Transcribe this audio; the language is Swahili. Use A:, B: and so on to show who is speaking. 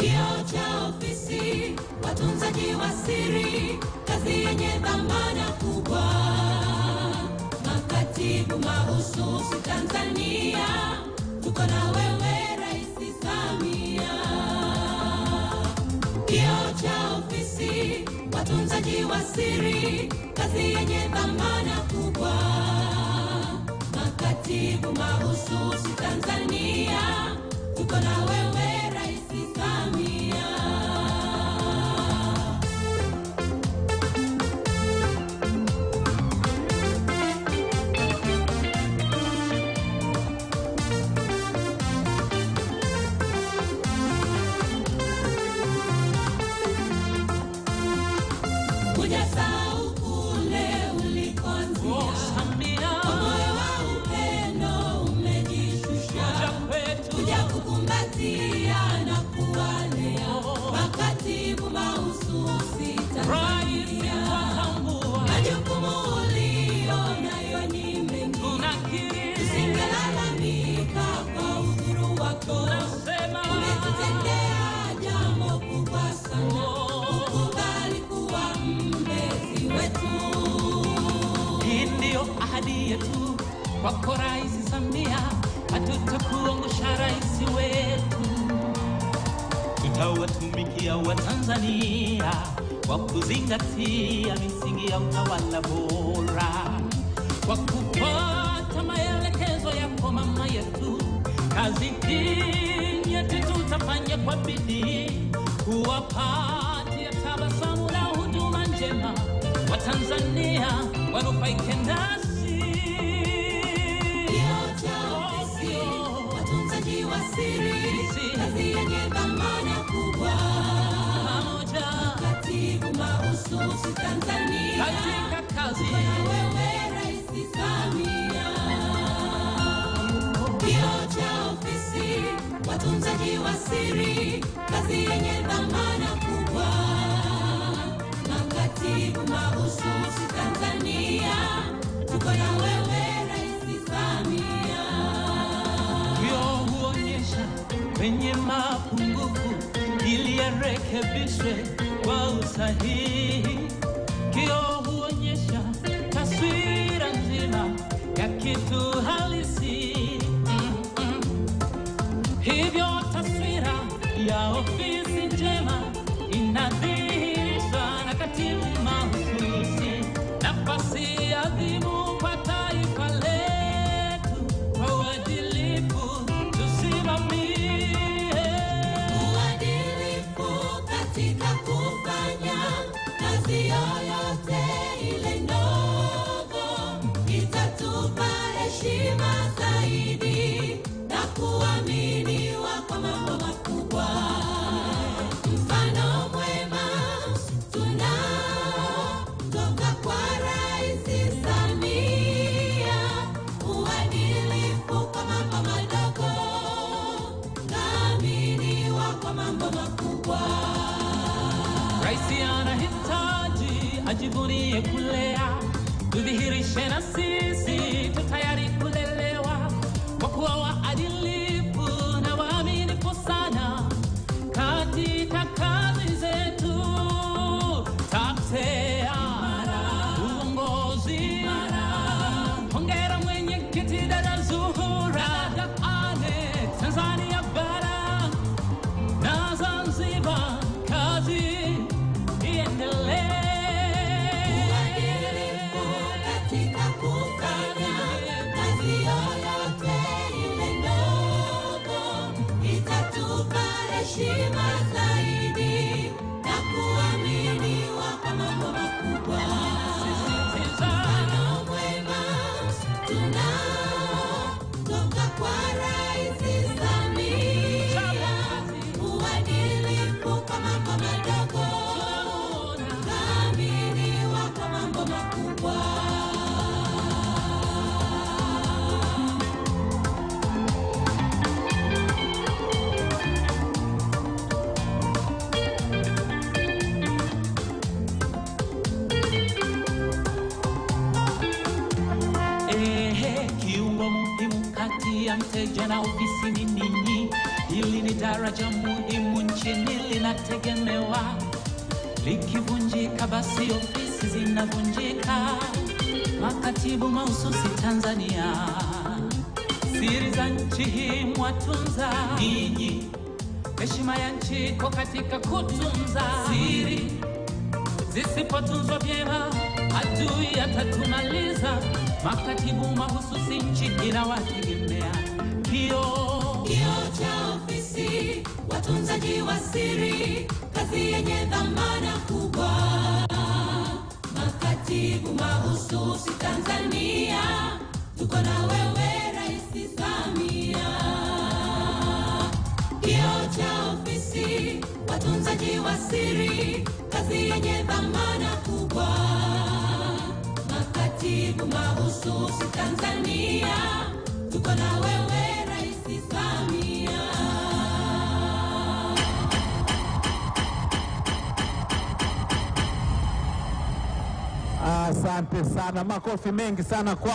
A: Kioo cha ofisi, watunzaji wa siri, kazi yenye dhamana kubwa. Makatibu mahususi Tanzania, tuko na wewe Rais Samia. Kioo cha ofisi, watunzaji wa siri, kazi yenye dhamana kubwa. Makatibu mahususi Tanzania, tuko na
B: ahadi yetu, wako Rais Samia, hatutakuangusha rais wetu, tutawatumikia Watanzania kwa kuzingatia misingi ya utawala bora, kwa kupata maelekezo yako mama yetu, kazi yetu tutafanya kwa bidii kuwapatia tabasamu la huduma njema Watanzania wanufaike nasi
A: watunzaji wa siri, kazi yenye dhamana kubwa, pamoja katibu mahususi Tanzania, katika kazi wewe Rais Samia, kioo cha ofisi, watunzaji wa siri, kazi yenye dhamana kubwa, makatibu mahususi yako na wewe Rais
B: Samia, mapungufu ili yarekebishwe kwa usahihi.
A: kuaminiwa kwa mambo makubwa. Mfano mwema tunao toka kwa Rais Samia, uadilifu kwa mambo madogo, kaaminiwa kwa mambo makubwa.
B: Rais anahitaji ajivunie kulea, tudhihirishe na sisi na ofisi ni nini? Hili ni daraja muhimu nchini, linategemewa. Likivunjika basi ofisi zinavunjika. Makatibu mahususi Tanzania, siri za nchi hii mwatunza
A: ninyi.
B: Heshima ya nchi iko katika kutunza
A: siri,
B: zisipotunzwa vyema adui atatumaliza. Makatibu mahususi nchi inawategemea hiyo.
A: cha ofisi, watunzaji wa siri, kazi yenye dhamana kubwa. Makatibu mahususi Tanzania, tuko na wewe Rais Samia. Kioo cha ofisi, watunzaji wa siri, kazi yenye dhamana kubwa. Makatibu mahususi Tanzania, tuko na wewe Asante sana, makofi mengi sana kwa